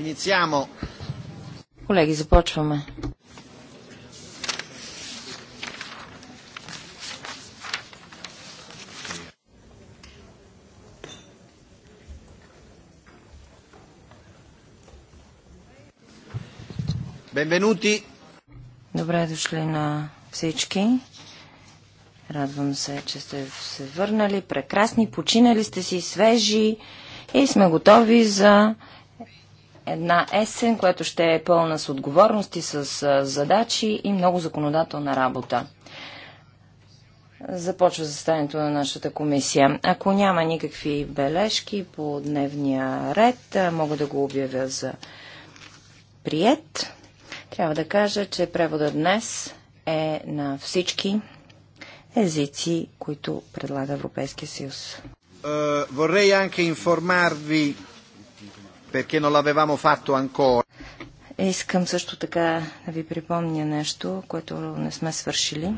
Инициамо. Колеги, започваме. Бенвенути! Добре дошли на всички. Радвам се, че сте се върнали. Прекрасни, починали сте си, свежи и сме готови за една есен, която ще е пълна с отговорности, с задачи и много законодателна работа. Започва заседанието на нашата комисия. Ако няма никакви бележки по дневния ред, мога да го обявя за прият. Трябва да кажа, че превода днес е на всички езици, които предлага Европейския съюз. Uh, vorrei anche informarvi perché non l'avevamo fatto ancora. Искам също така да ви припомня нещо, което не сме свършили.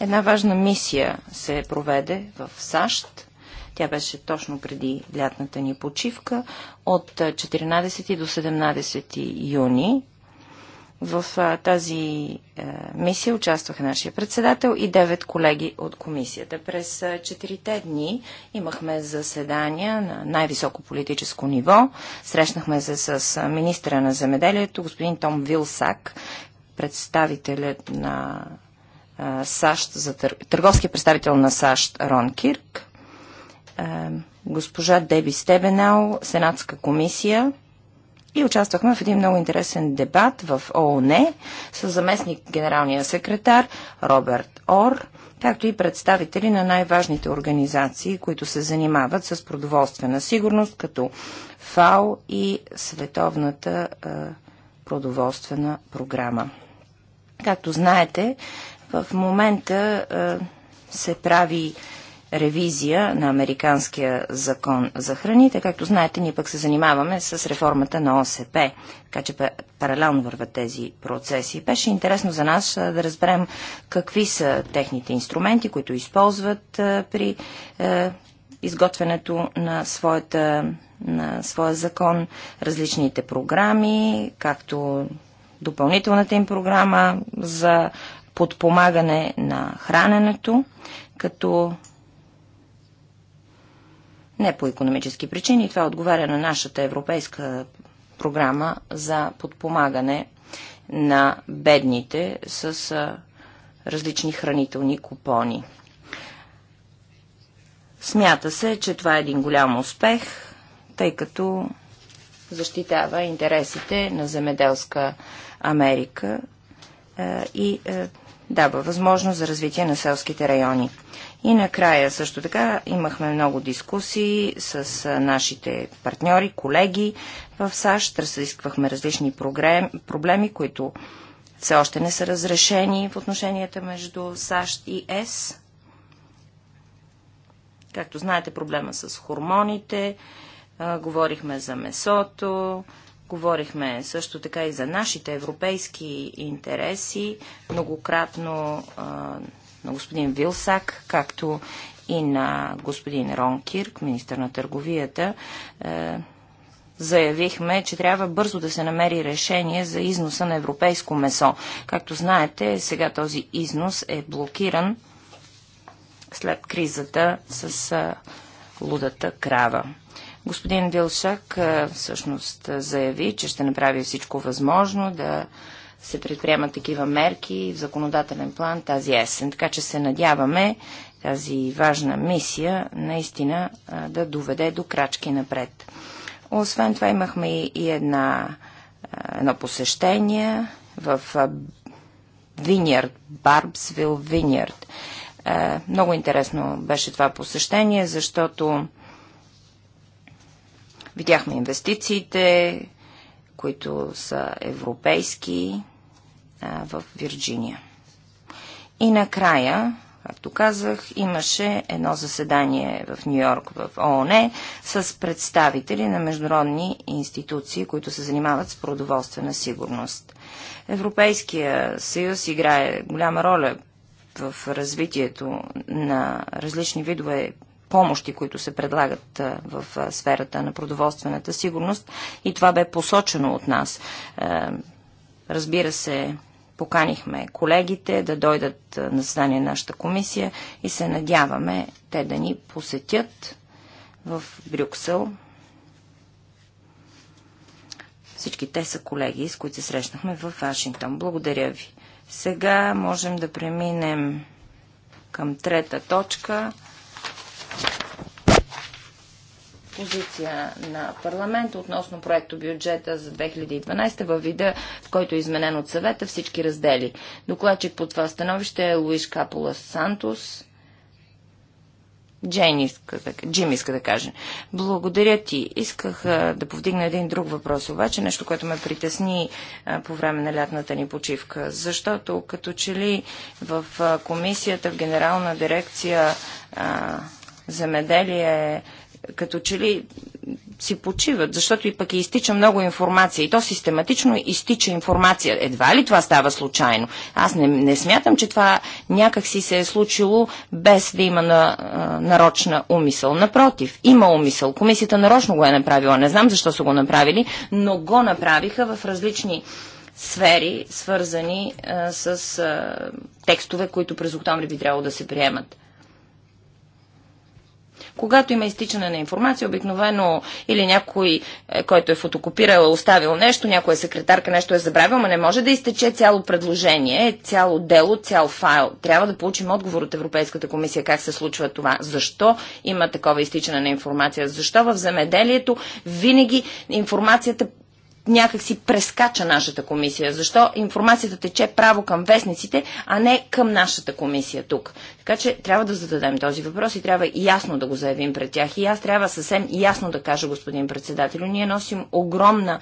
Една важна мисия се проведе в САЩ. Тя беше точно преди лятната ни почивка от 14 до 17 юни в тази е, мисия участваха нашия председател и девет колеги от комисията. През четирите дни имахме заседания на най-високо политическо ниво. Срещнахме се с министра на земеделието, господин Том Вилсак, представителят на САЩ, за тър... търговски представител на САЩ Рон Кирк, госпожа Деби Стебенал, Сенатска комисия, и участвахме в един много интересен дебат в ООН с заместник генералния секретар Роберт Ор, както и представители на най-важните организации, които се занимават с продоволствена сигурност, като ФАО и Световната е, продоволствена програма. Както знаете, в момента е, се прави ревизия на Американския закон за храните. Както знаете, ние пък се занимаваме с реформата на ОСП, така че паралелно върват тези процеси. Беше интересно за нас да разберем какви са техните инструменти, които използват при изготвянето на своята на своя закон, различните програми, както допълнителната им програма за подпомагане на храненето, като не по економически причини. Това отговаря на нашата европейска програма за подпомагане на бедните с различни хранителни купони. Смята се, че това е един голям успех, тъй като защитава интересите на земеделска Америка и дава възможност за развитие на селските райони. И накрая също така имахме много дискусии с нашите партньори, колеги в САЩ. Разисквахме различни проблеми, които все още не са разрешени в отношенията между САЩ и ЕС. Както знаете, проблема с хормоните, говорихме за месото, говорихме също така и за нашите европейски интереси. Многократно на господин Вилсак, както и на господин Рон Кирк, министър на търговията, е, заявихме, че трябва бързо да се намери решение за износа на европейско месо. Както знаете, сега този износ е блокиран след кризата с е, лудата крава. Господин Вилшак е, всъщност заяви, че ще направи всичко възможно да се предприемат такива мерки в законодателен план тази есен. Така че се надяваме тази важна мисия наистина да доведе до крачки напред. Освен това имахме и една, едно посещение в Виньярд, Барбсвил Виньярд. Много интересно беше това посещение, защото видяхме инвестициите, които са европейски, в Вирджиния. И накрая, както казах, имаше едно заседание в Нью Йорк в ООН с представители на международни институции, които се занимават с продоволствена сигурност. Европейския съюз играе голяма роля в развитието на различни видове помощи, които се предлагат в сферата на продоволствената сигурност и това бе посочено от нас. Е, разбира се, Поканихме колегите да дойдат на заседание на нашата комисия и се надяваме те да ни посетят в Брюксел. Всички те са колеги, с които се срещнахме в Вашингтон. Благодаря ви. Сега можем да преминем към трета точка позиция на парламента относно проекто бюджета за 2012 във вида, в който е изменен от съвета всички раздели. Докладчик по това становище е Луиш Капола Сантос. Джейн иска да, Джим иска да каже. Благодаря ти. Исках а, да повдигна един друг въпрос, обаче нещо, което ме притесни а, по време на лятната ни почивка. Защото като че ли в а, комисията, в генерална дирекция а, земеделие като че ли си почиват, защото и пък и изтича много информация. И то систематично изтича информация. Едва ли това става случайно? Аз не, не смятам, че това някак си се е случило без да има на, а, нарочна умисъл. Напротив, има умисъл. Комисията нарочно го е направила. Не знам защо са го направили, но го направиха в различни сфери, свързани а, с а, текстове, които през октомври би трябвало да се приемат. Когато има изтичане на информация, обикновено или някой, е, който е фотокопирал, е оставил нещо, някоя е секретарка нещо е забравил, но не може да изтече цяло предложение, цяло дело, цял файл. Трябва да получим отговор от Европейската комисия как се случва това. Защо има такова изтичане на информация? Защо в земеделието винаги информацията някакси прескача нашата комисия. Защо информацията тече право към вестниците, а не към нашата комисия тук. Така че трябва да зададем този въпрос и трябва ясно да го заявим пред тях. И аз трябва съвсем ясно да кажа, господин председател, ние носим огромна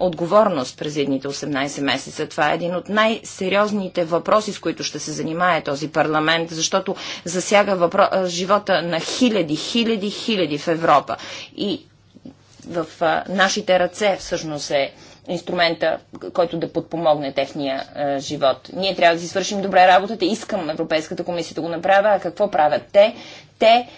отговорност през едните 18 месеца. Това е един от най-сериозните въпроси, с които ще се занимае този парламент, защото засяга въпро... живота на хиляди, хиляди, хиляди в Европа. И в а, нашите ръце всъщност е инструмента, който да подпомогне техния живот. Ние трябва да си свършим добре работата. Искам Европейската комисия да го направя. А какво правят те? Те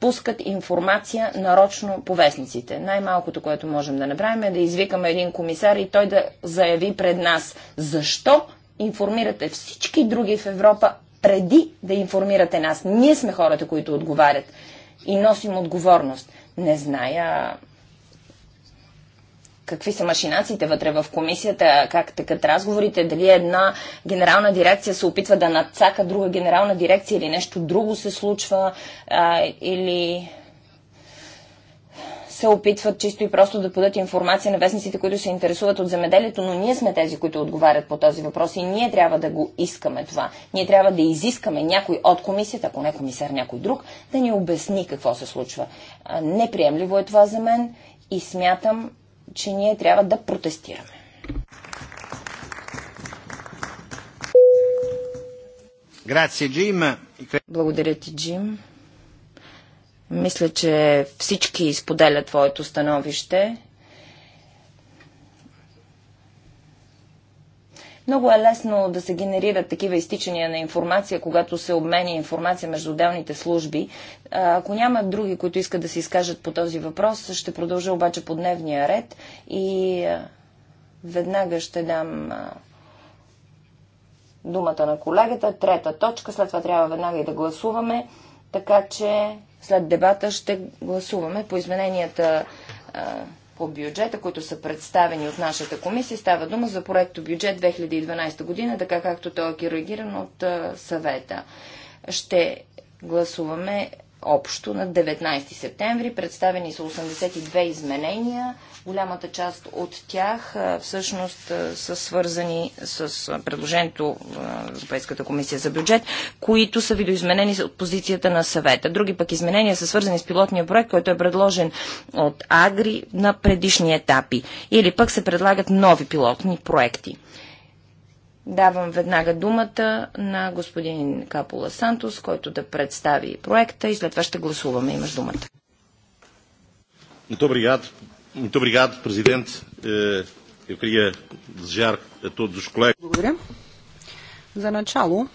пускат информация нарочно по вестниците. Най-малкото, което можем да направим е да извикаме един комисар и той да заяви пред нас защо информирате всички други в Европа преди да информирате нас. Ние сме хората, които отговарят и носим отговорност. Не зная какви са машинациите вътре в комисията, как тъкат разговорите, дали една генерална дирекция се опитва да надцака друга генерална дирекция или нещо друго се случва, а, или се опитват чисто и просто да подат информация на вестниците, които се интересуват от земеделието, но ние сме тези, които отговарят по този въпрос и ние трябва да го искаме това. Ние трябва да изискаме някой от комисията, ако не комисар, някой друг, да ни обясни какво се случва. Неприемливо е това за мен и смятам, че ние трябва да протестираме. Грация, Джим. Благодаря ти, Джим. Мисля, че всички изподелят твоето становище. Много е лесно да се генерират такива изтичания на информация, когато се обменя информация между отделните служби. Ако няма други, които искат да се изкажат по този въпрос, ще продължа обаче по дневния ред и веднага ще дам думата на колегата. Трета точка, след това трябва веднага и да гласуваме, така че след дебата ще гласуваме по измененията по бюджета, които са представени от нашата комисия. Става дума за проекто бюджет 2012 година, така както той е реагиран от съвета. Ще гласуваме общо на 19 септември. Представени са 82 изменения. Голямата част от тях всъщност са свързани с предложението на Европейската комисия за бюджет, които са видоизменени от позицията на съвета. Други пък изменения са свързани с пилотния проект, който е предложен от Агри на предишни етапи. Или пък се предлагат нови пилотни проекти. Давам веднага думата на господин Капола Сантос, който да представи проекта и след това ще гласуваме. Имаш думата. Muito obrigado, Presidente. Е, eu queria desejar a todos os colegas. Благодаря. За начало,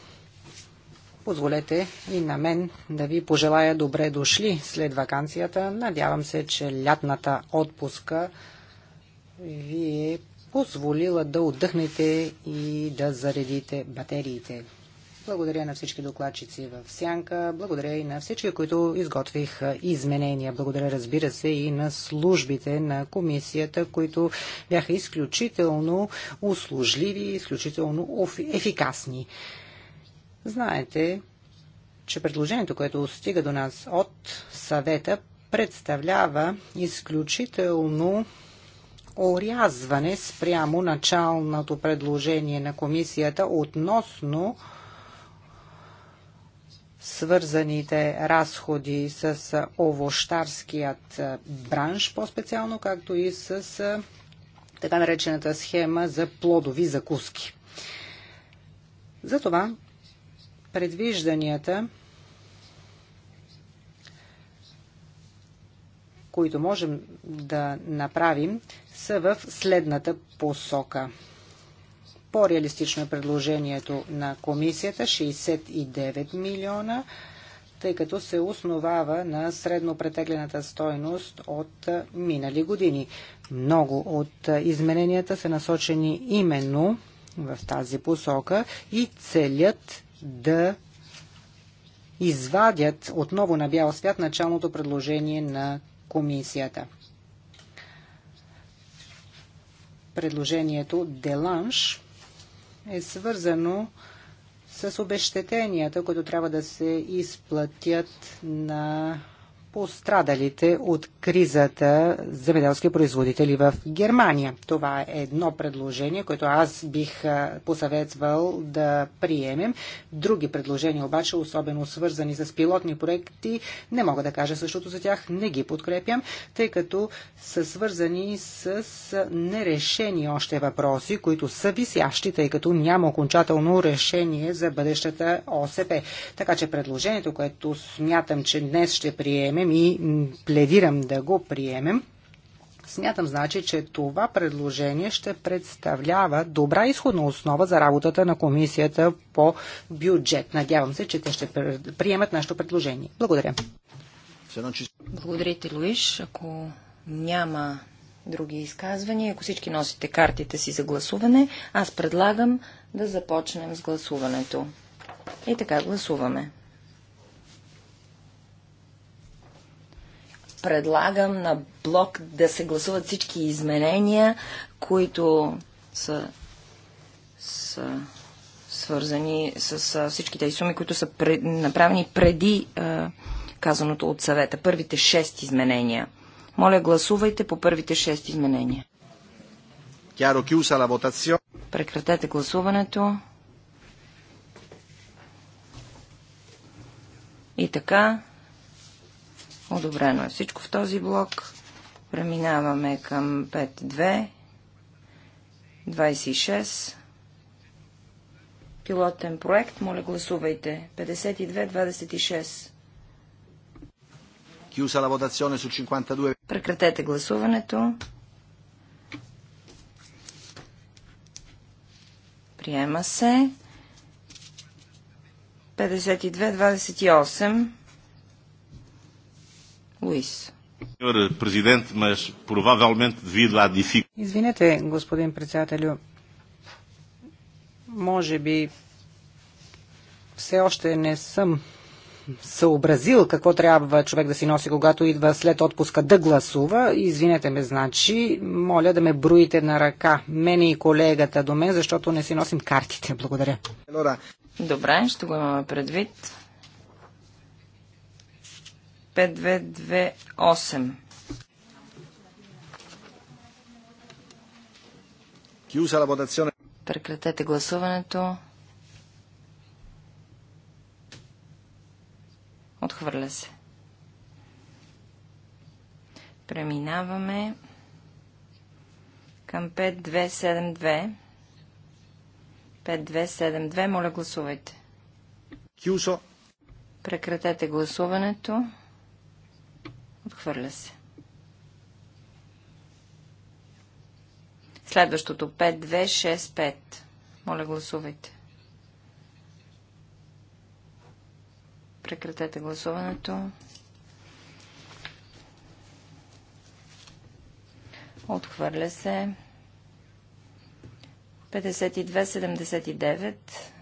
позволете и на мен да ви пожелая добре дошли след вакансията. Надявам се, че лятната отпуска ви е позволила да отдъхнете и да заредите батериите. Благодаря на всички докладчици в Сянка. Благодаря и на всички, които изготвих изменения. Благодаря, разбира се, и на службите на комисията, които бяха изключително услужливи, изключително ефикасни. Знаете, че предложението, което стига до нас от съвета, представлява изключително орязване спрямо началното предложение на комисията относно свързаните разходи с овощарският бранш по-специално, както и с така наречената схема за плодови закуски. Затова предвижданията които можем да направим, са в следната посока. По-реалистично е предложението на комисията 69 милиона, тъй като се основава на средно претеглената стойност от минали години. Много от измененията са насочени именно в тази посока и целят да извадят отново на бял свят началното предложение на комисията. Предложението Деланш е свързано с обещетенията, които трябва да се изплатят на пострадалите от кризата земеделски производители в Германия. Това е едно предложение, което аз бих посъветвал да приемем. Други предложения обаче, особено свързани с пилотни проекти, не мога да кажа същото за тях, не ги подкрепям, тъй като са свързани с нерешени още въпроси, които са висящи, тъй като няма окончателно решение за бъдещата ОСП. Така че предложението, което смятам, че днес ще приемем, приемем и пледирам да го приемем. Смятам, значи, че това предложение ще представлява добра изходна основа за работата на комисията по бюджет. Надявам се, че те ще приемат нашето предложение. Благодаря. Благодаря ти, Луиш. Ако няма други изказвания, ако всички носите картите си за гласуване, аз предлагам да започнем с гласуването. И така гласуваме. предлагам на блок да се гласуват всички изменения, които са, са свързани с с всички тези суми, които са пред, направени преди е, казаното от съвета. Първите шест изменения. Моля, гласувайте по първите шест изменения. Прекратете гласуването. И така, Одобрено е всичко в този блок. Преминаваме към 5.2. 26. Пилотен проект. Моля, гласувайте. 52-26. Прекратете гласуването. Приема се. 52-28. Луис. Извинете, господин председателю. Може би все още не съм съобразил какво трябва човек да си носи, когато идва след отпуска да гласува. Извинете ме, значи, моля да ме броите на ръка, мене и колегата до мен, защото не си носим картите. Благодаря. Добре, ще го имаме предвид. 5228. Прекратете гласуването. Отхвърля се. Преминаваме към 5272. 5272, моля гласувайте. Кюсо. Прекратете гласуването. Отхвърля се. Следващото 5-2-6-5. Моля, гласувайте. Прекратете гласуването. Отхвърля се. 52-79.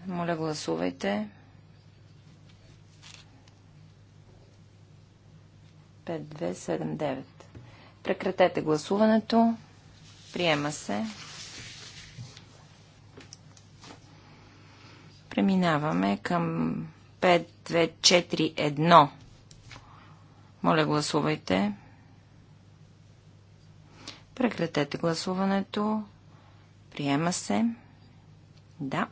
Моля, гласувайте. 5279. Прекратете гласуването. Приема се. Преминаваме към 5241. Моля, гласувайте. Прекратете гласуването. Приема се. Да.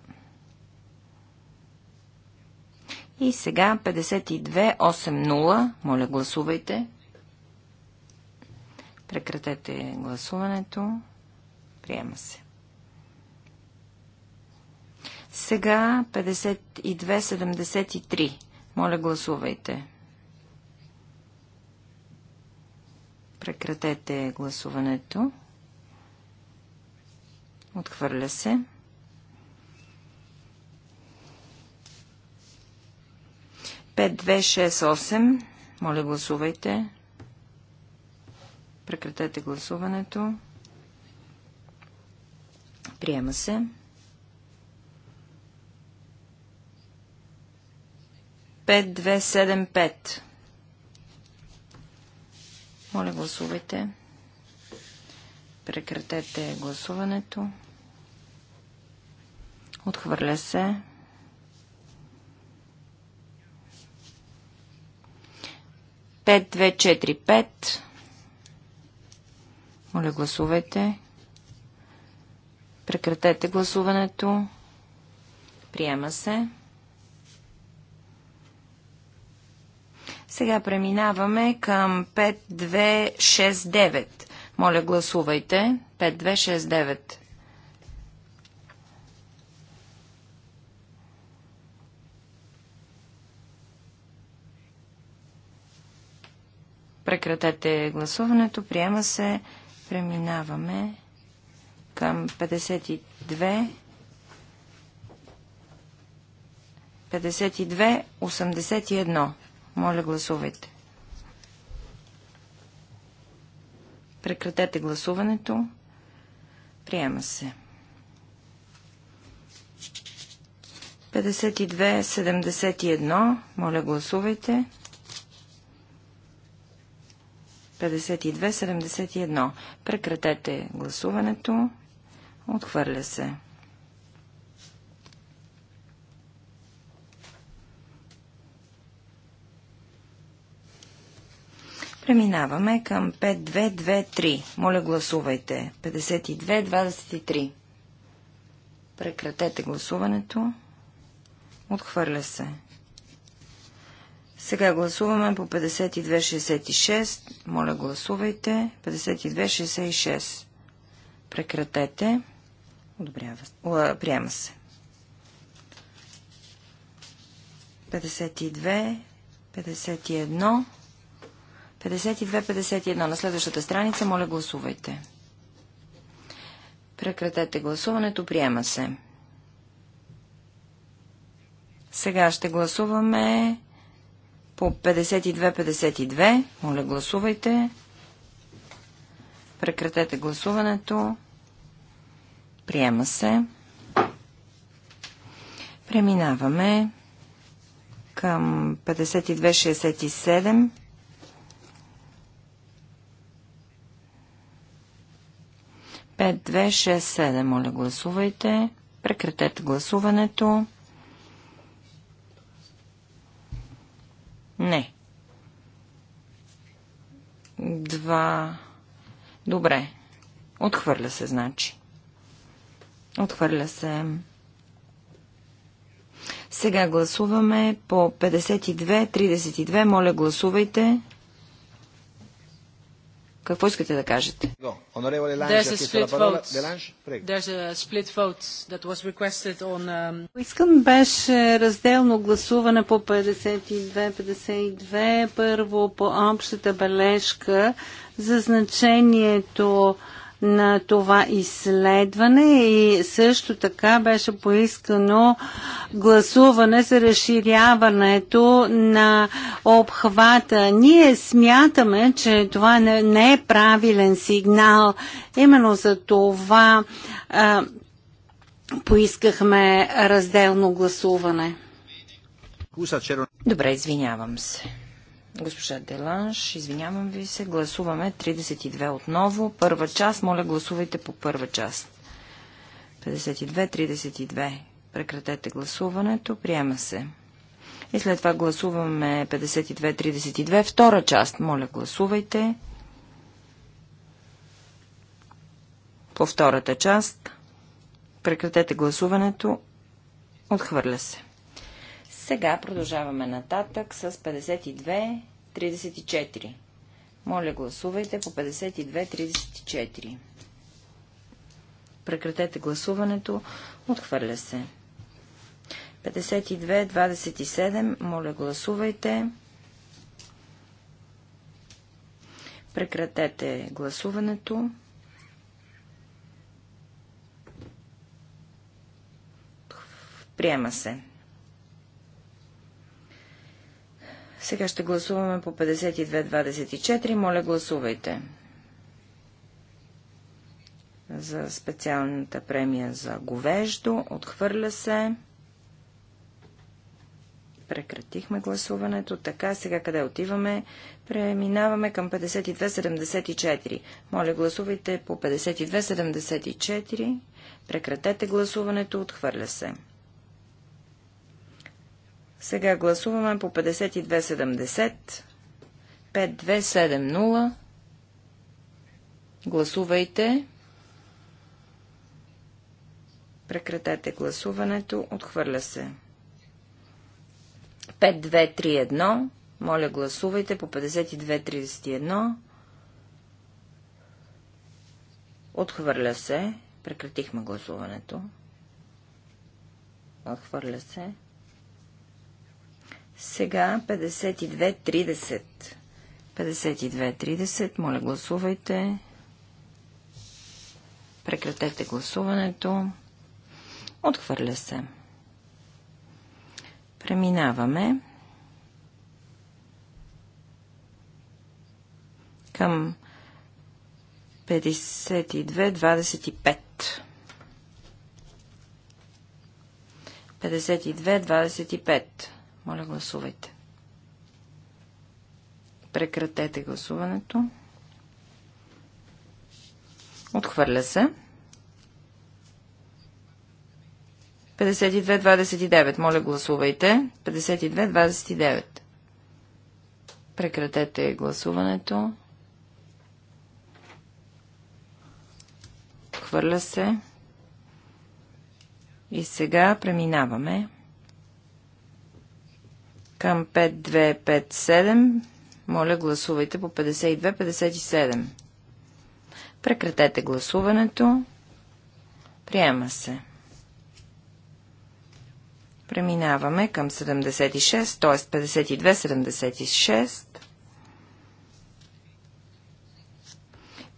И сега 52.8.0. Моля, гласувайте. Прекратете гласуването. Приема се. Сега 52.73. Моля, гласувайте. Прекратете гласуването. Отхвърля се. 5268. Моля, гласувайте. Прекратете гласуването. Приема се. Пет, две, седем, пет. Моля, гласувайте. Прекратете гласуването. Отхвърля се. 5245. Моля, гласувайте. Прекратете гласуването. Приема се. Сега преминаваме към 5269. Моля, гласувайте. 5269. Прекратете гласуването. Приема се. Преминаваме към 52. 52-81. Моля, гласувайте. Прекратете гласуването. Приема се. 52-71. Моля, гласувайте. 52-71. Прекратете гласуването. Отхвърля се. Преминаваме към 5223. Моля гласувайте. 5223. Прекратете гласуването. Отхвърля се. Сега гласуваме по 5266. Моля, гласувайте. 5266. Прекратете. Одобрява. приема се. 52, 51. 52-51. На следващата страница, моля, гласувайте. Прекратете гласуването. Приема се. Сега ще гласуваме по 52-52. Моля, гласувайте. Прекратете гласуването. Приема се. Преминаваме към 52-67. Пет, две, шест, седем. Моля, гласувайте. Прекратете гласуването. Не. Два. Добре. Отхвърля се, значи. Отхвърля се. Сега гласуваме по 52-32. Моля, гласувайте. Какво искате да кажете? Um, Искам беше разделно гласуване по 52-52. Първо по общата бележка за значението на това изследване и също така беше поискано гласуване за разширяването на обхвата. Ние смятаме, че това не е правилен сигнал. Именно за това а, поискахме разделно гласуване. Добре, извинявам се. Госпожа Деланш, извинявам ви се, гласуваме 32 отново. Първа част, моля гласувайте по първа част. 52-32. Прекратете гласуването, приема се. И след това гласуваме 52-32. Втора част, моля гласувайте. По втората част, прекратете гласуването, отхвърля се. Сега продължаваме нататък с 52-34. Моля, гласувайте по 52-34. Прекратете гласуването. Отхвърля се. 52-27. Моля, гласувайте. Прекратете гласуването. Приема се. Сега ще гласуваме по 52.24. Моля, гласувайте за специалната премия за говеждо. Отхвърля се. Прекратихме гласуването. Така, сега къде отиваме? Преминаваме към 52.74. Моля, гласувайте по 52.74. Прекратете гласуването. Отхвърля се. Сега гласуваме по 5270. 5270. Гласувайте. Прекратете гласуването. Отхвърля се. 5231. Моля, гласувайте по 5231. Отхвърля се. Прекратихме гласуването. Отхвърля се. Сега 52.30. 52.30. Моля, гласувайте. Прекратете гласуването. Отхвърля се. Преминаваме към 52.25. 52.25. Моля, гласувайте. Прекратете гласуването. Отхвърля се. 52-29. Моля, гласувайте. 52-29. Прекратете гласуването. Отхвърля се. И сега преминаваме към 5257. Моля, гласувайте по 5257. Прекратете гласуването. Приема се. Преминаваме към 76, т.е. 52-76.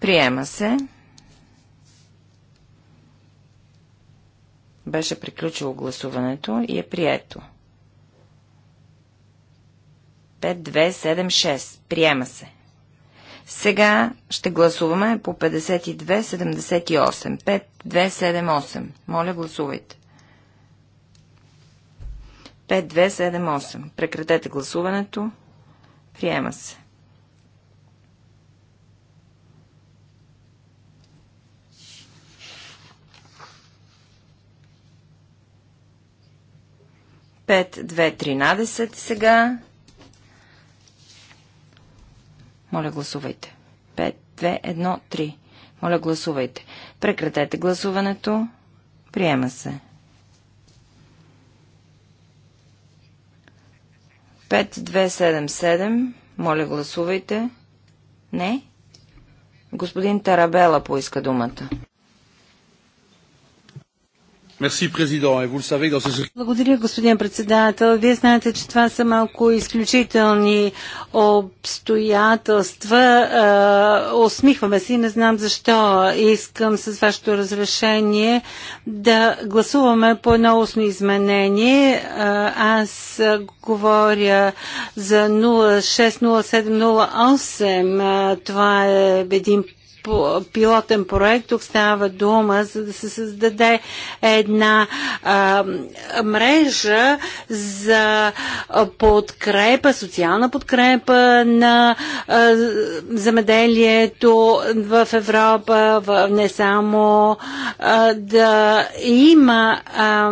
Приема се. Беше приключило гласуването и е прието. 5276. Приема се. Сега ще гласуваме по 5278. 5278. Моля, гласувайте. 5278. Прекратете гласуването. Приема се. Пет, две, тринадесет сега. Моля, гласувайте. 5, 2, 1, 3. Моля, гласувайте. Прекратете гласуването. Приема се. 5277. Моля, гласувайте. Не. Господин Тарабела поиска думата. Благодаря, господин председател. Вие знаете, че това са малко изключителни обстоятелства. Осмихваме се и не знам защо. Искам с вашето разрешение да гласуваме по едно устно изменение. Аз говоря за 060708. Това е един пилотен проект. Тук става дума за да се създаде една а, мрежа за подкрепа, социална подкрепа на а, замеделието в Европа, в, не само а, да има а,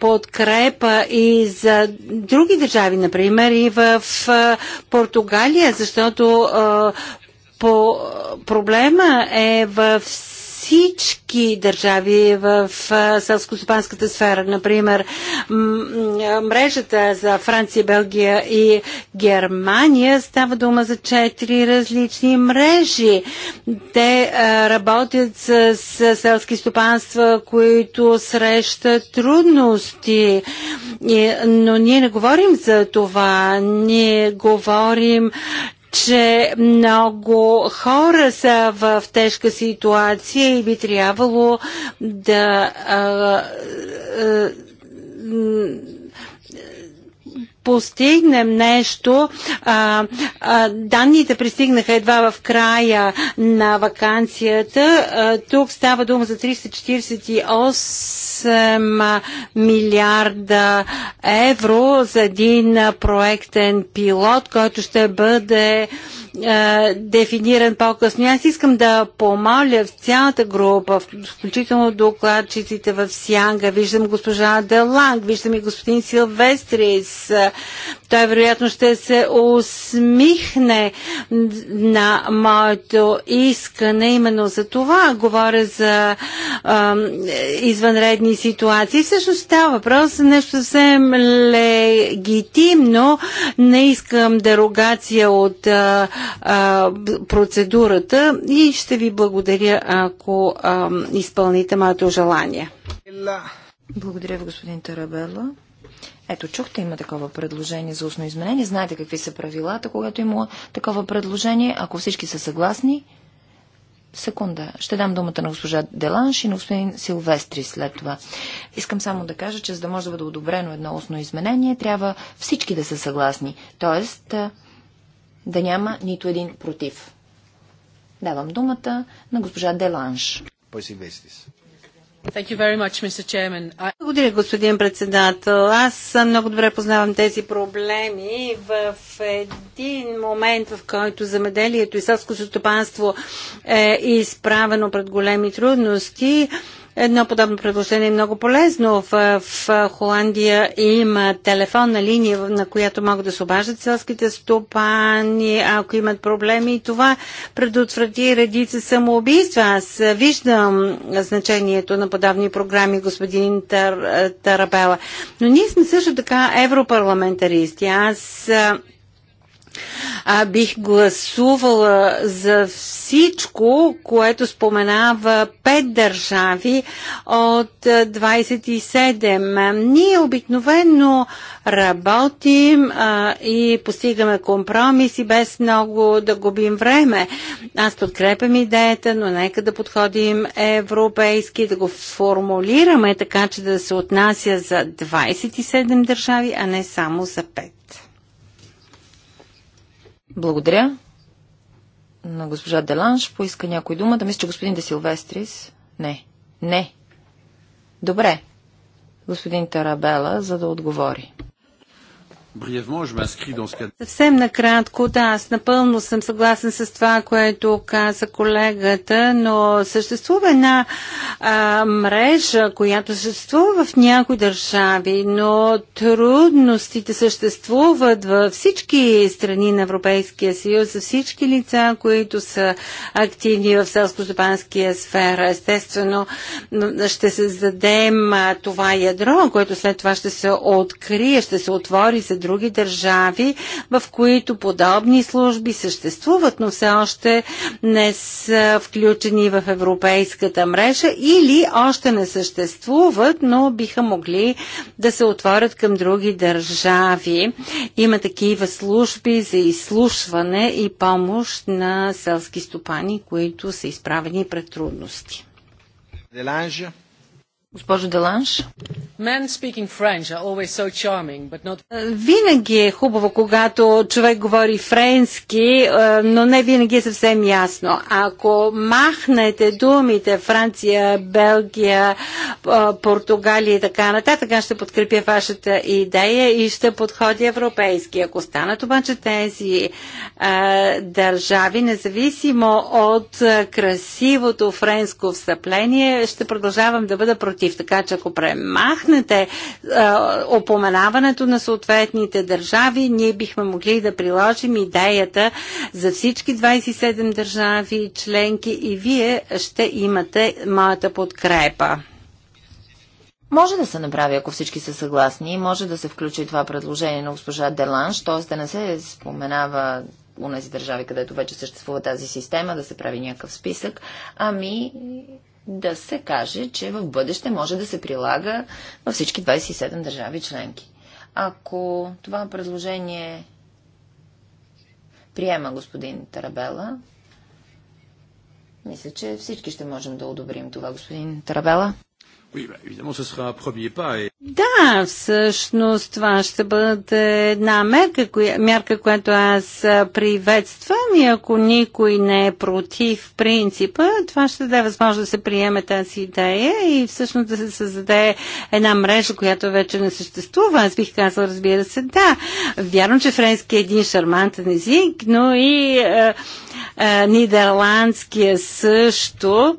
подкрепа и за други държави, например и в а, Португалия, защото а, по проблема е в всички държави в селскостопанската сфера. Например, мрежата за Франция, Белгия и Германия става дума за четири различни мрежи. Те работят с, селски стопанства, които срещат трудности. но ние не говорим за това. Ние говорим че много хора са в тежка ситуация и би трябвало да а, а, постигнем нещо. А, а, данните пристигнаха едва в края на вакансията. А, тук става дума за 348 милиарда евро за един проектен пилот, който ще бъде а, е, дефиниран по-късно. Аз искам да помоля в цялата група, включително докладчиците в Сянга, виждам госпожа Деланг, виждам и господин Силвестрис, той вероятно ще се усмихне на моето искане. Именно за това говоря за а, извънредни ситуации. Всъщност става въпрос за нещо съвсем легитимно. Не искам дерогация от а, а, процедурата и ще ви благодаря, ако а, изпълните моето желание. Благодаря ви, господин Тарабела. Ето, чухте, има такова предложение за устно изменение. Знаете какви са правилата, когато има такова предложение. Ако всички са съгласни, секунда, ще дам думата на госпожа Деланш и на господин Силвестри след това. Искам само да кажа, че за да може да бъде одобрено едно устно изменение, трябва всички да са съгласни. Тоест, да няма нито един против. Давам думата на госпожа Деланш. Пой благодаря, господин председател. Аз много добре познавам тези проблеми. В един момент, в който замеделието и селското стопанство е изправено пред големи трудности, Едно подобно предложение е много полезно. В, в Холандия има телефонна линия, на която могат да се обаждат селските стопани, ако имат проблеми. И това предотврати редица самоубийства. Аз виждам значението на подобни програми, господин Тар, Тарабела. Но ние сме също така европарламентаристи. Аз а, бих гласувала за всичко, което споменава пет държави от 27. Ние обикновено работим а, и постигаме компромиси без много да губим време. Аз подкрепям идеята, но нека да подходим европейски, да го формулираме така, че да се отнася за 27 държави, а не само за пет. Благодаря на госпожа Деланш. Поиска някой дума. Да мисля, че господин Десилвестрис. Не. Не. Добре. Господин Тарабела, за да отговори. Съвсем накратко, да, аз напълно съм съгласен с това, което каза колегата, но съществува една а, мрежа, която съществува в някои държави, но трудностите съществуват във всички страни на Европейския съюз, за всички лица, които са активни в селско-стопанския сфера. Естествено, ще създадем това ядро, което след това ще се открие, ще се отвори за други държави, в които подобни служби съществуват, но все още не са включени в европейската мрежа или още не съществуват, но биха могли да се отворят към други държави. Има такива служби за изслушване и помощ на селски стопани, които са изправени пред трудности. Деланжа. Госпожо Деланш. Е, винаги е хубаво, когато човек говори френски, е, но не винаги е съвсем ясно. Ако махнете думите Франция, Белгия, е, Португалия и така нататък, ще подкрепя вашата идея и ще подходи европейски. Ако станат обаче тези държави, независимо от красивото френско встъпление, ще продължавам да бъда против против. Така че ако премахнете а, опоменаването на съответните държави, ние бихме могли да приложим идеята за всички 27 държави членки и вие ще имате моята подкрепа. Може да се направи, ако всички са съгласни, може да се включи това предложение на госпожа Деланш, т.е. да не се споменава у нези държави, където вече съществува тази система, да се прави някакъв списък, ами да се каже, че в бъдеще може да се прилага във всички 27 държави членки. Ако това предложение приема господин Тарабела, мисля, че всички ще можем да одобрим това, господин Тарабела. Да, всъщност това ще бъде една мерка, коя, мярка, която аз приветствам и ако никой не е против принципа, това ще даде възможност да се приеме тази идея и всъщност да се създаде една мрежа, която вече не съществува. Аз бих казал, разбира се, да. Вярно, че френски е един шармантен език, но и е, е, нидерландския също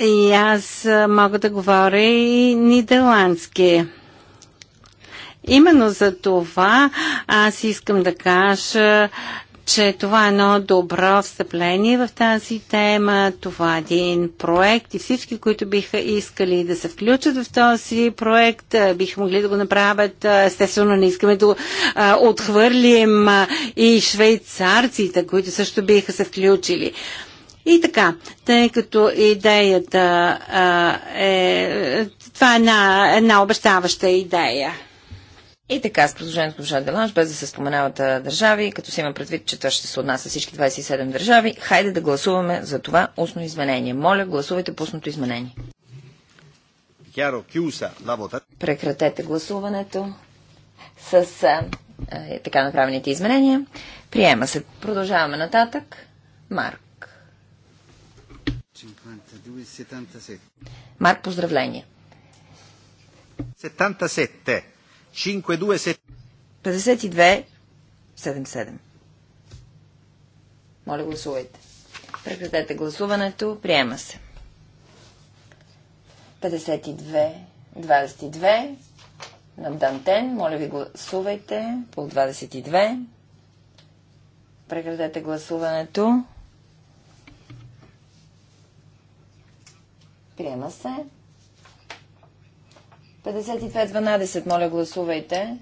и аз мога да говоря и нидерландски. Именно за това аз искам да кажа, че това е едно добро встъпление в тази тема. Това е един проект и всички, които биха искали да се включат в този проект, биха могли да го направят. Естествено, не искаме да отхвърлим и швейцарците, които също биха се включили. И така, тъй като идеята а, е, това е една, една обещаваща идея. И така, с предложението госпожа Деланш, без да се споменават държави, като се има предвид, че това ще се отнася всички 27 държави, хайде да гласуваме за това устно изменение. Моля, гласувайте по устното изменение. Прекратете гласуването с а, а, е, така направените изменения. Приема се. Продължаваме нататък. Марк. Марк, поздравления. 77. 52-77. Моля, гласувайте. Прекратете гласуването. Приема се. 52-22 на Дантен. Моля ви, гласувайте по 22. Прекратете гласуването. Приема се. 52.12. моля гласувайте.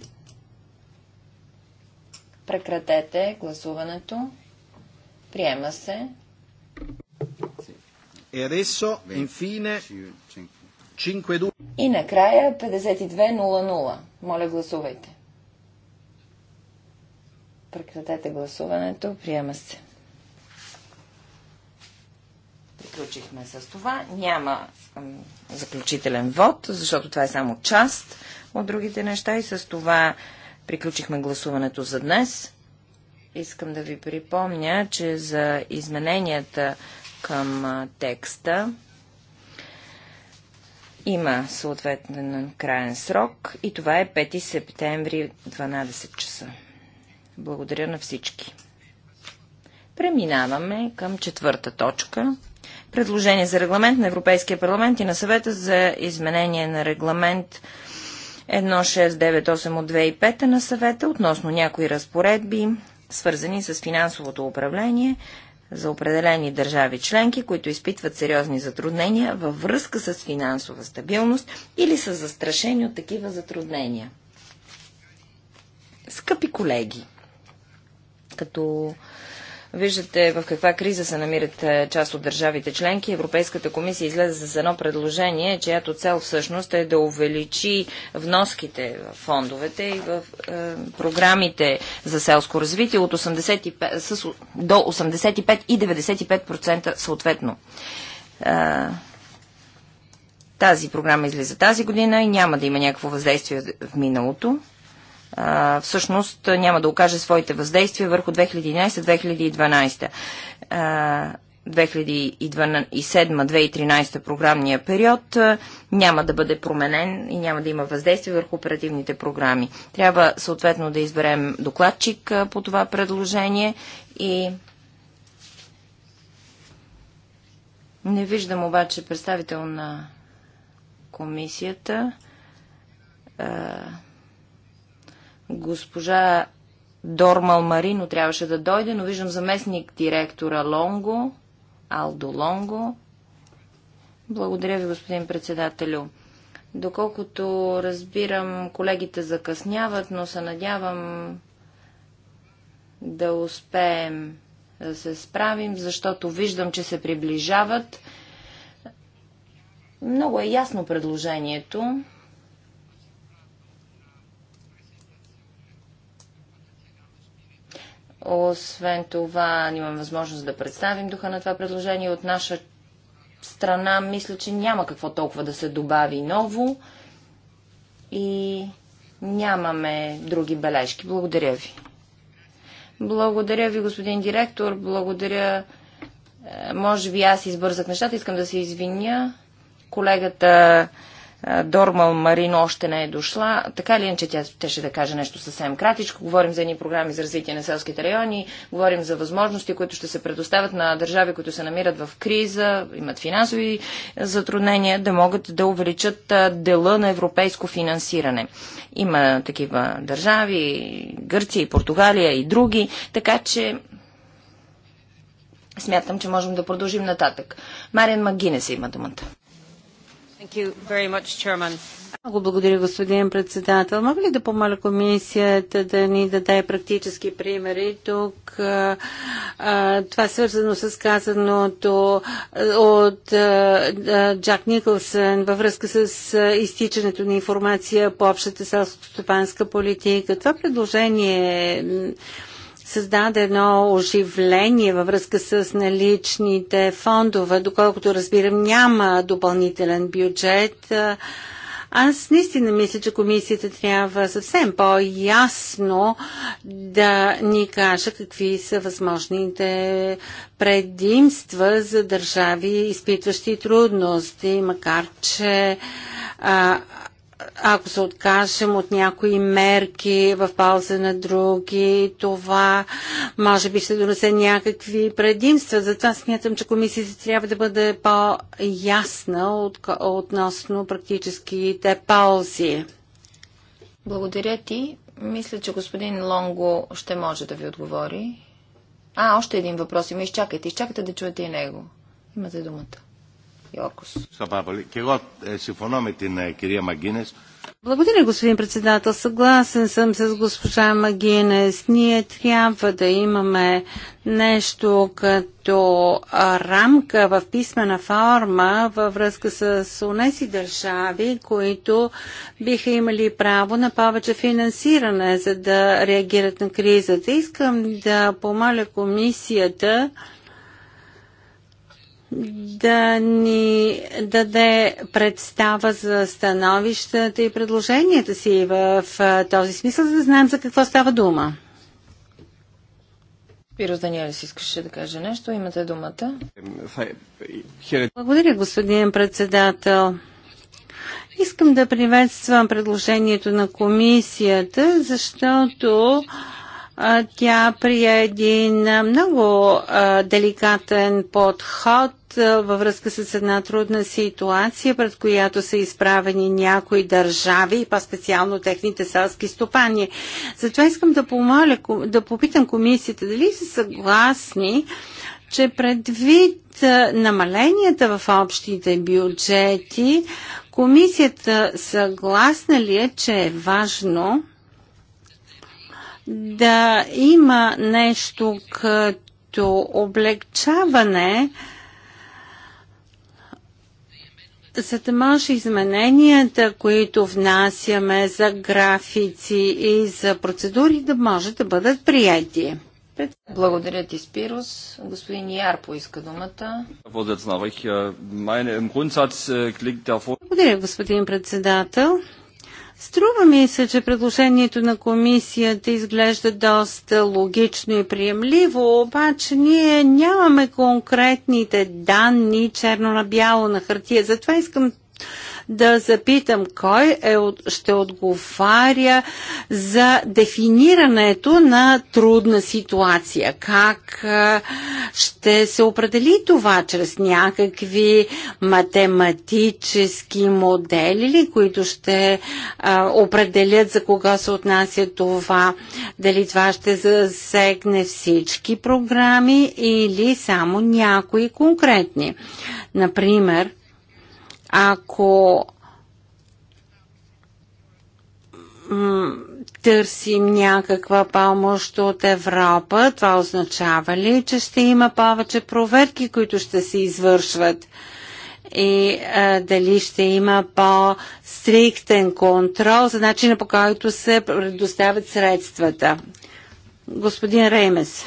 Прекратете гласуването. Приема се. E и накрая 52 Моля гласувайте. Прекратете гласуването. Приема се. приключихме с това. Няма заключителен вод, защото това е само част от другите неща и с това приключихме гласуването за днес. Искам да ви припомня, че за измененията към текста има съответен краен срок и това е 5 септември 12 часа. Благодаря на всички. Преминаваме към четвърта точка. Предложение за регламент на Европейския парламент и на съвета за изменение на регламент 1698 от 2005 на съвета относно някои разпоредби, свързани с финансовото управление за определени държави членки, които изпитват сериозни затруднения във връзка с финансова стабилност или са застрашени от такива затруднения. Скъпи колеги, като Виждате в каква криза се намират е, част от държавите членки. Европейската комисия излезе с едно предложение, чиято цел всъщност е да увеличи вноските в фондовете и в е, програмите за селско развитие от 85, с, до 85 и 95% съответно. Е, тази програма излиза тази година и няма да има някакво въздействие в миналото всъщност няма да окаже своите въздействия върху 2011-2012. 2007-2013 програмния период няма да бъде променен и няма да има въздействие върху оперативните програми. Трябва съответно да изберем докладчик по това предложение и не виждам обаче представител на комисията. Госпожа Дормал Марино трябваше да дойде, но виждам заместник директора Лонго, Алдо Лонго. Благодаря ви, господин председателю. Доколкото разбирам, колегите закъсняват, но се надявам да успеем да се справим, защото виждам, че се приближават. Много е ясно предложението. Освен това, имаме възможност да представим духа на това предложение. От наша страна, мисля, че няма какво толкова да се добави ново и нямаме други бележки. Благодаря ви. Благодаря ви, господин директор. Благодаря. Е, може би аз избързах нещата. Искам да се извиня. Колегата Дормал Марино още не е дошла. Така ли е, че тя те ще да каже нещо съвсем кратичко? Говорим за едни програми за развитие на селските райони, говорим за възможности, които ще се предоставят на държави, които се намират в криза, имат финансови е, затруднения, да могат да увеличат е, дела на европейско финансиране. Има такива държави, Гърция и Португалия и други, така че смятам, че можем да продължим нататък. Марин Магинес има думата. Много благодаря, господин председател. Мога ли да помоля комисията да ни даде практически примери? Тук това е свързано с казаното от Джак Николсън във връзка с изтичането на информация по общата селско-стопанска политика. Това предложение е създаде едно оживление във връзка с наличните фондове. Доколкото разбирам, няма допълнителен бюджет. Аз наистина мисля, че комисията трябва съвсем по-ясно да ни каже какви са възможните предимства за държави, изпитващи трудности, макар че а, ако се откажем от някои мерки в пауза на други, това може би ще донесе някакви предимства. Затова смятам, че комисията трябва да бъде по-ясна от, относно практическите паузи. Благодаря ти. Мисля, че господин Лонго ще може да ви отговори. А, още един въпрос има. Изчакайте, изчакайте да чуете и него. Имате думата. Е, Благодаря, господин председател. Съгласен съм с госпожа Магинес. Ние трябва да имаме нещо като рамка в писмена форма във връзка с унеси държави, които биха имали право на повече финансиране, за да реагират на кризата. Искам да помоля комисията да ни даде представа за становищата и предложенията си в този смисъл, за да знаем за какво става дума. Пирос Даниелис искаше да каже нещо. Имате думата. Благодаря, господин председател. Искам да приветствам предложението на комисията, защото тя прие един много деликатен подход във връзка с една трудна ситуация, пред която са изправени някои държави и по-специално техните селски стопани. Затова искам да помоля, да попитам комисията дали са съгласни че предвид намаленията в общите бюджети, комисията съгласна ли е, че е важно да има нещо като облегчаване, за да може измененията, които внасяме за графици и за процедури, да може да бъдат прияти. Благодаря ти, Спирос. Господин Яр поиска думата. Е, е, е, Благодаря, господин председател. Струва ми се, че предложението на комисията изглежда доста логично и приемливо, обаче ние нямаме конкретните данни черно на бяло на хартия. Затова искам да запитам кой е, ще отговаря за дефинирането на трудна ситуация. Как ще се определи това чрез някакви математически модели, ли, които ще а, определят за кога се отнася това, дали това ще засегне всички програми или само някои конкретни. Например, ако търсим някаква помощ от Европа, това означава ли, че ще има повече проверки, които ще се извършват? И а, дали ще има по-стриктен контрол за начина по който се предоставят средствата? Господин Реймес.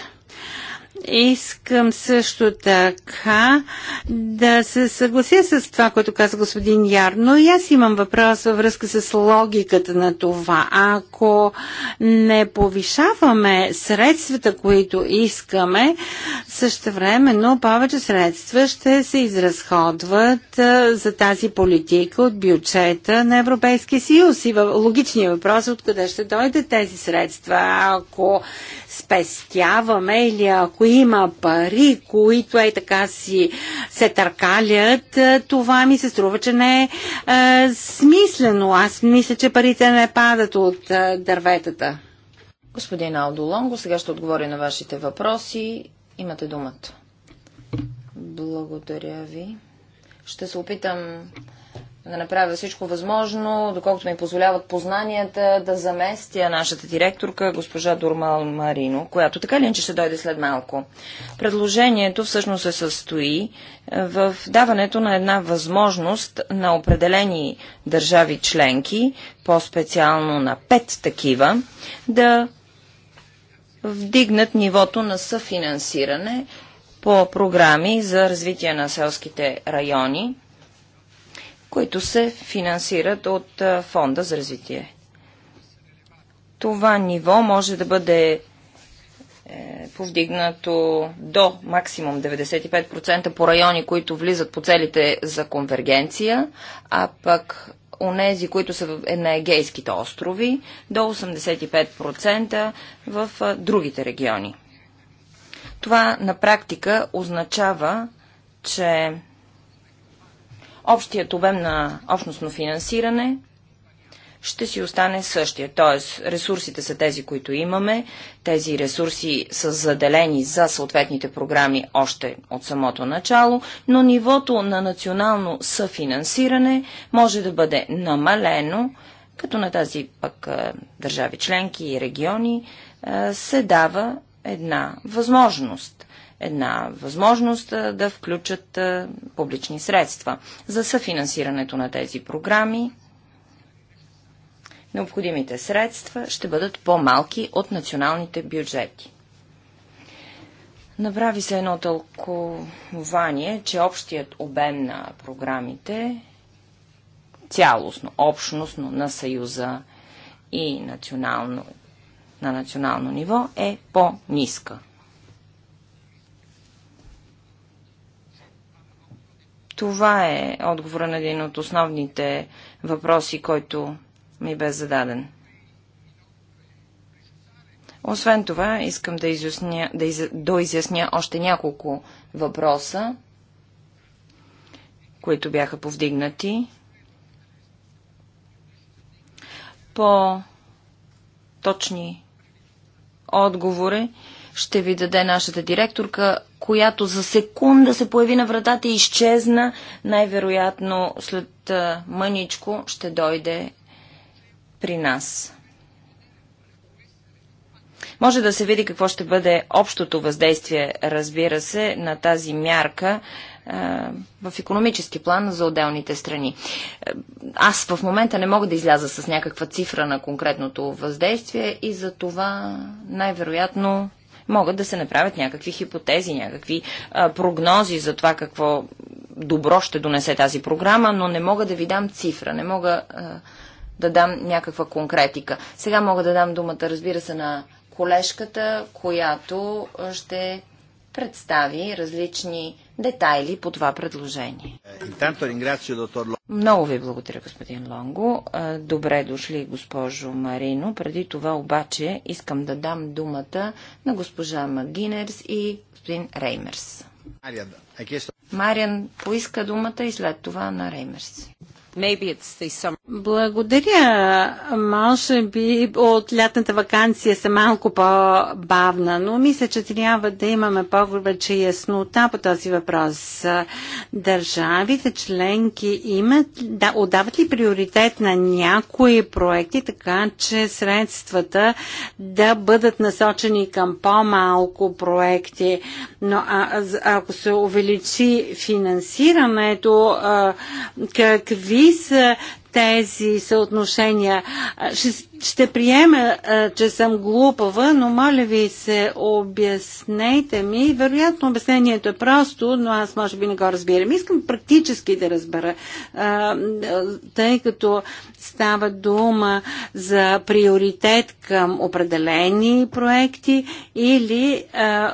Искам също така да се съглася с това, което каза господин Яр, но и аз имам въпрос във връзка с логиката на това. Ако не повишаваме средствата, които искаме, също време, но повече средства ще се изразходват за тази политика от бюджета на Европейския съюз. И логичният въпрос е откъде ще дойдат тези средства. Ако спестяваме или ако има пари, които е така си се търкалят, е, това ми се струва, че не е, е смислено. Аз мисля, че парите не падат от е, дърветата. Господин Алдо Лонго, сега ще отговоря на вашите въпроси. Имате думата. Благодаря ви. Ще се опитам да направя всичко възможно, доколкото ми позволяват познанията, да заместя нашата директорка, госпожа Дурмал Марино, която така ли че ще дойде след малко. Предложението всъщност се състои е, в даването на една възможност на определени държави членки, по-специално на пет такива, да вдигнат нивото на съфинансиране по програми за развитие на селските райони – които се финансират от Фонда за развитие. Това ниво може да бъде е, повдигнато до максимум 95% по райони, които влизат по целите за конвергенция, а пък онези, които са е, на Егейските острови, до 85% в другите региони. Това на практика означава, че общият обем на общностно финансиране ще си остане същия. Тоест, ресурсите са тези, които имаме. Тези ресурси са заделени за съответните програми още от самото начало, но нивото на национално съфинансиране може да бъде намалено, като на тази пък държави членки и региони се дава една възможност една възможност да включат публични средства за съфинансирането на тези програми. Необходимите средства ще бъдат по-малки от националните бюджети. Направи се едно тълкование, че общият обем на програмите цялостно, общностно на Съюза и национално, на национално ниво е по-ниска. Това е отговора на един от основните въпроси, който ми бе зададен. Освен това, искам да, изясня, да из, доизясня още няколко въпроса, които бяха повдигнати. По точни отговори ще ви даде нашата директорка, която за секунда се появи на вратата и изчезна. Най-вероятно след мъничко ще дойде при нас. Може да се види какво ще бъде общото въздействие, разбира се, на тази мярка в економически план за отделните страни. Аз в момента не мога да изляза с някаква цифра на конкретното въздействие и за това най-вероятно могат да се направят някакви хипотези, някакви а, прогнози за това какво добро ще донесе тази програма, но не мога да ви дам цифра, не мога а, да дам някаква конкретика. Сега мога да дам думата, разбира се, на колежката, която ще представи различни детайли по това предложение. Е, Много ви благодаря, господин Лонго. Е, добре дошли, госпожо Марино. Преди това обаче искам да дам думата на госпожа Магинерс и господин Реймерс. Мариан е поиска думата и след това на Реймерс. Благодаря. Може би от лятната вакансия са малко по-бавна, но мисля, че трябва да имаме повече яснота по този въпрос. Държавите членки имат, да, отдават ли приоритет на някои проекти, така че средствата да бъдат насочени към по-малко проекти, но а, ако се увеличи финансирането, а, какви какви са тези съотношения. Ще, ще приема, че съм глупава, но моля ви се, обяснете ми. Вероятно обяснението е просто, но аз може би не го разбирам. Искам практически да разбера, тъй като става дума за приоритет към определени проекти или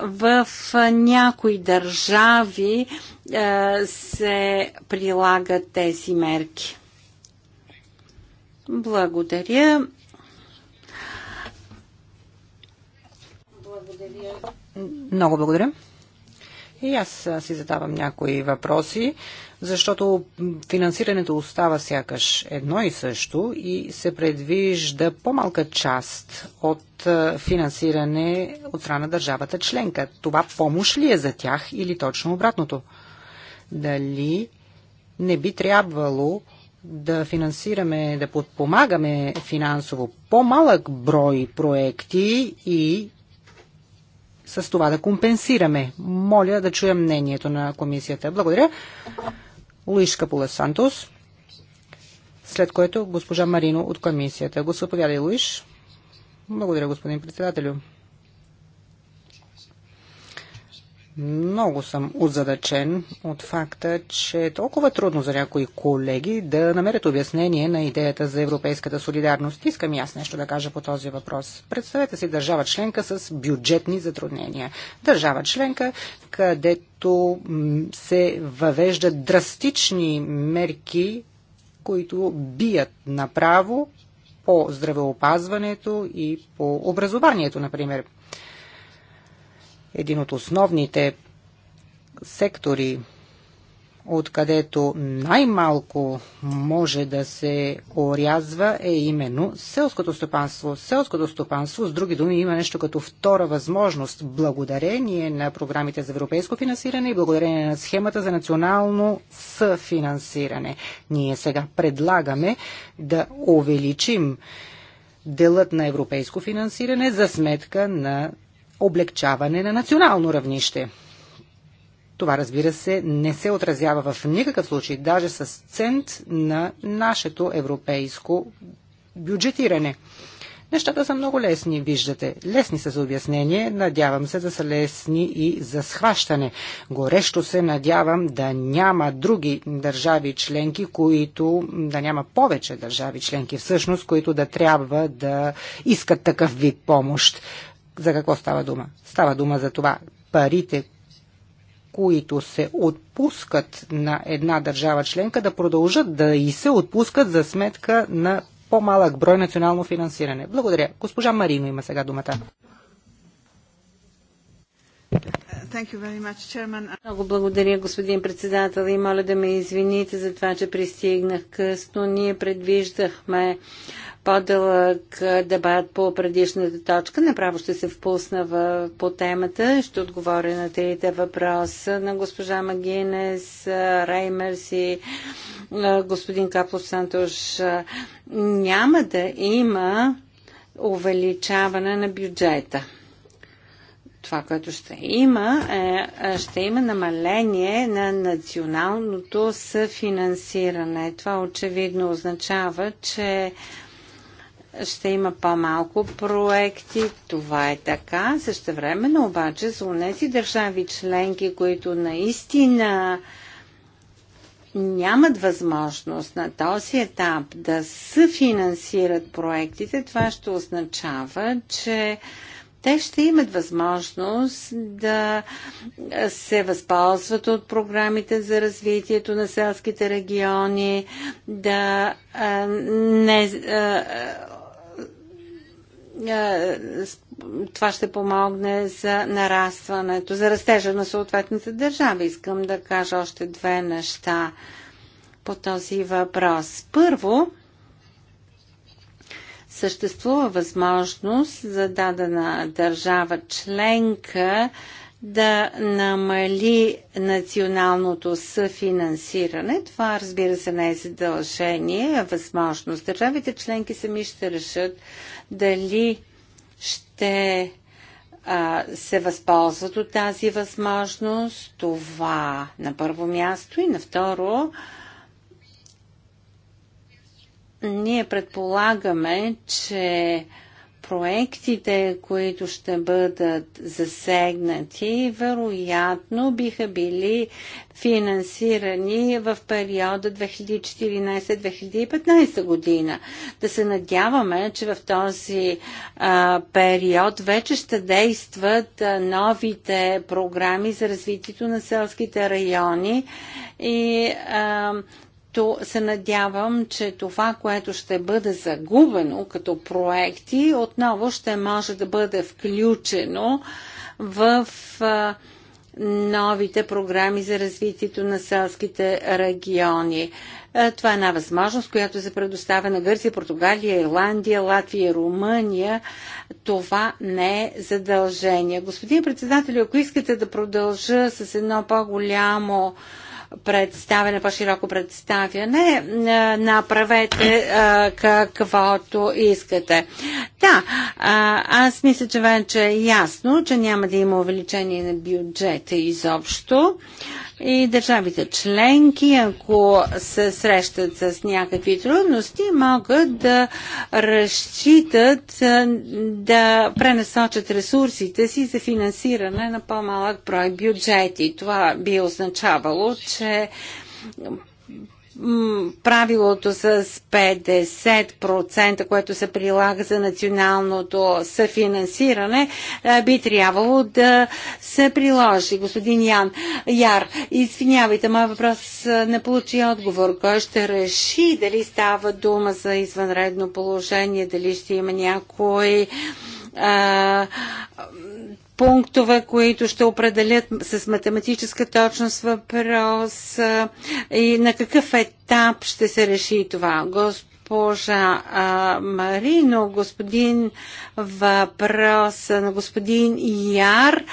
в някои държави се прилагат тези мерки. Благодаря. Благодаря. Много благодаря. И аз си задавам някои въпроси, защото финансирането остава сякаш едно и също и се предвижда по-малка част от финансиране от страна държавата членка. Това помощ ли е за тях или точно обратното? дали не би трябвало да финансираме, да подпомагаме финансово по-малък брой проекти и с това да компенсираме. Моля да чуя мнението на комисията. Благодаря. Луиш Капула Сантос, след което госпожа Марино от комисията. Го Луиш. Благодаря, господин председателю. Много съм озадачен от факта, че е толкова трудно за някои колеги да намерят обяснение на идеята за европейската солидарност. Искам и аз нещо да кажа по този въпрос. Представете си държава членка с бюджетни затруднения. Държава членка, където се въвеждат драстични мерки, които бият направо по здравеопазването и по образованието, например един от основните сектори, откъдето най-малко може да се орязва е именно селското стопанство. Селското стопанство, с други думи, има нещо като втора възможност, благодарение на програмите за европейско финансиране и благодарение на схемата за национално съфинансиране. Ние сега предлагаме да увеличим делът на европейско финансиране за сметка на облегчаване на национално равнище. Това, разбира се, не се отразява в никакъв случай, даже с цент на нашето европейско бюджетиране. Нещата са много лесни, виждате. Лесни са за обяснение, надявам се да са лесни и за схващане. Горещо се надявам да няма други държави членки, които, да няма повече държави членки всъщност, които да трябва да искат такъв вид помощ. За какво става дума? Става дума за това парите, които се отпускат на една държава членка, да продължат да и се отпускат за сметка на по-малък брой национално финансиране. Благодаря. Госпожа Марино има сега думата. Much, Много благодаря, господин председател, и моля да ме извините за това, че пристигнах късно. Ние предвиждахме по-дълъг дебат по предишната точка. Направо ще се впусна в, по темата. Ще отговоря на трите въпроса на госпожа Магинес, Реймерс и господин Каплов Сантош. Няма да има увеличаване на бюджета. Това, което ще има, е, е ще има намаление на националното съфинансиране. Това очевидно означава, че ще има по-малко проекти. Това е така. Също времено обаче за унеси държави членки, които наистина нямат възможност на този етап да съфинансират проектите, това ще означава, че те ще имат възможност да се възползват от програмите за развитието на селските региони, да не, е, това ще помогне за нарастването, за растежа на съответните държави. Искам да кажа още две неща по този въпрос. Първо, съществува възможност за дадена държава членка да намали националното съфинансиране. Това, разбира се, не е задължение, а възможност. Държавите членки сами ще решат дали ще а, се възползват от тази възможност. Това на първо място и на второ ние предполагаме, че проектите, които ще бъдат засегнати, вероятно биха били финансирани в периода 2014-2015 година. Да се надяваме, че в този а, период вече ще действат а, новите програми за развитието на селските райони и а, като се надявам, че това, което ще бъде загубено като проекти, отново ще може да бъде включено в новите програми за развитието на селските региони. Това е една възможност, която се предоставя на Гърция, Португалия, Ирландия, Латвия, Румъния. Това не е задължение. Господин председател, ако искате да продължа с едно по-голямо представяне, по-широко представяне, е, направете е, каквото искате. Да, аз мисля, че вече е ясно, че няма да има увеличение на бюджета изобщо. И държавите членки, ако се срещат с някакви трудности, могат да разчитат да пренасочат ресурсите си за финансиране на по-малък брой бюджети. Това би означавало, че правилото с 50%, което се прилага за националното съфинансиране, би трябвало да се приложи. Господин Ян Яр, извинявайте, моят въпрос не получи отговор. Кой ще реши дали става дума за извънредно положение, дали ще има някой а, пунктове, които ще определят с математическа точност въпрос и на какъв етап ще се реши това. Госп госпожа Мари, Марино, господин въпрос на господин Яр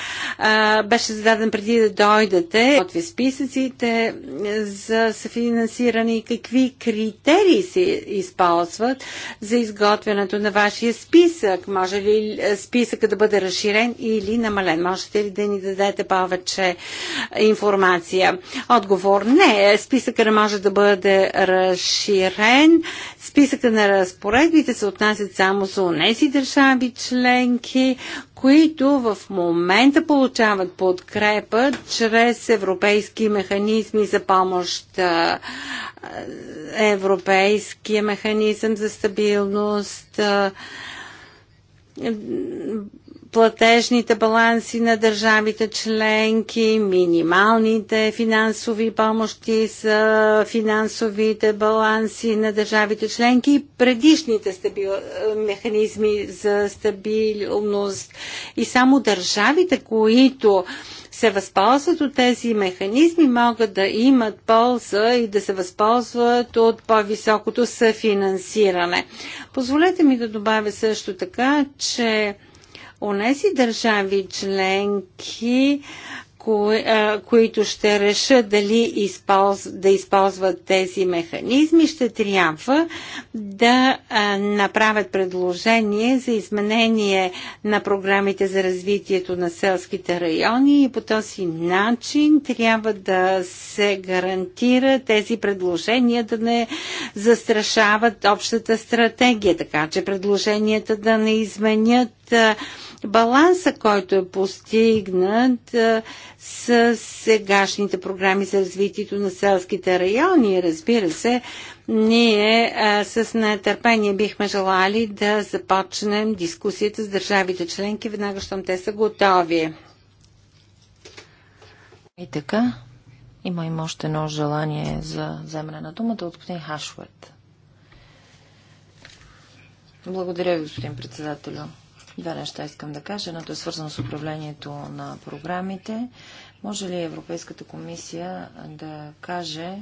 беше зададен преди да дойдете. Отви списъците за съфинансиране и какви критерии се използват за изготвянето на вашия списък? Може ли списъка да бъде разширен или намален? Можете ли да ни дадете повече информация? Отговор не. Списъка не може да бъде разширен Списъка на разпоредбите се отнасят само за унеси държави членки, които в момента получават подкрепа чрез европейски механизми за помощ, европейския механизъм за стабилност, платежните баланси на държавите членки, минималните финансови помощи са финансовите баланси на държавите членки и предишните стабил... Е, механизми за стабилност. И само държавите, които се възползват от тези механизми, могат да имат полза и да се възползват от по-високото съфинансиране. Позволете ми да добавя също така, че онези държави членки, кои, а, които ще решат дали използ, да използват тези механизми, ще трябва да а, направят предложение за изменение на програмите за развитието на селските райони и по този начин трябва да се гарантира тези предложения да не застрашават общата стратегия, така че предложенията да не изменят а, баланса, който е постигнат с сегашните програми за развитието на селските райони. Разбира се, ние а, с нетърпение бихме желали да започнем дискусията с държавите членки, веднага щом те са готови. И така, има им още едно желание за вземане на думата от господин Хашвет. Благодаря ви, господин председателю. Две неща искам да кажа. Едното е свързано с управлението на програмите. Може ли Европейската комисия да каже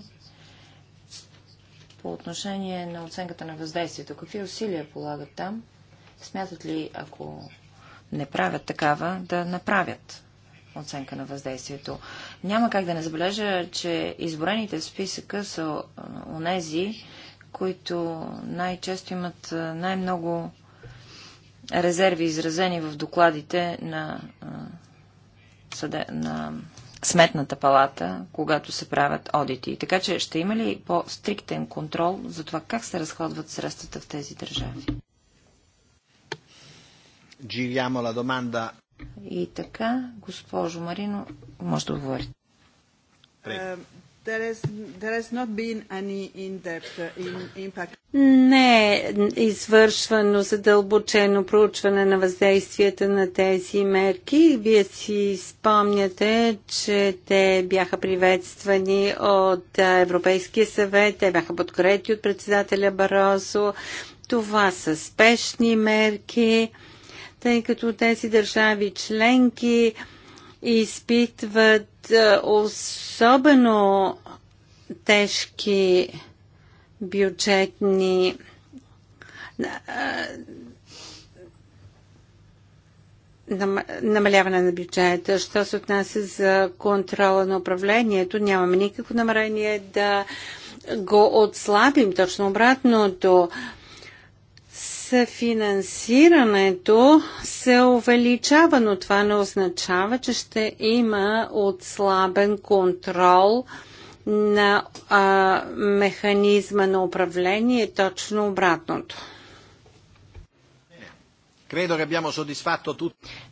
по отношение на оценката на въздействието? Какви усилия полагат там? Смятат ли, ако не правят такава, да направят оценка на въздействието? Няма как да не забележа, че изборените в списъка са онези, които най-често имат най-много резерви, изразени в докладите на, на Сметната палата, когато се правят одити. Така че ще има ли по-стриктен контрол за това как се разходват средствата в тези държави? И така, госпожо Марино, може да говорите. Не е извършвано задълбочено проучване на въздействията на тези мерки. Вие си спомняте, че те бяха приветствани от Европейския съвет, те бяха подкорети от председателя Барозо. Това са спешни мерки, тъй като тези държави членки изпитват е, особено тежки бюджетни е, намаляване на бюджета. Що се отнася за контрола на управлението, нямаме никакво намерение да го отслабим. Точно обратното съфинансирането се увеличава, но това не означава, че ще има отслабен контрол на а, механизма на управление, точно обратното.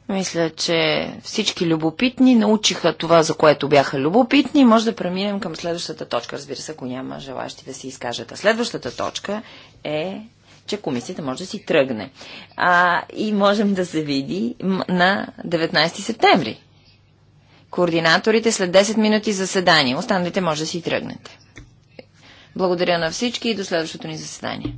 Мисля, че всички любопитни научиха това, за което бяха любопитни. Може да преминем към следващата точка, разбира се, ако няма желащи да си изкажат. А следващата точка е че комисията може да си тръгне. А, и можем да се види на 19 септември. Координаторите след 10 минути заседание. Останалите може да си тръгнете. Благодаря на всички и до следващото ни заседание.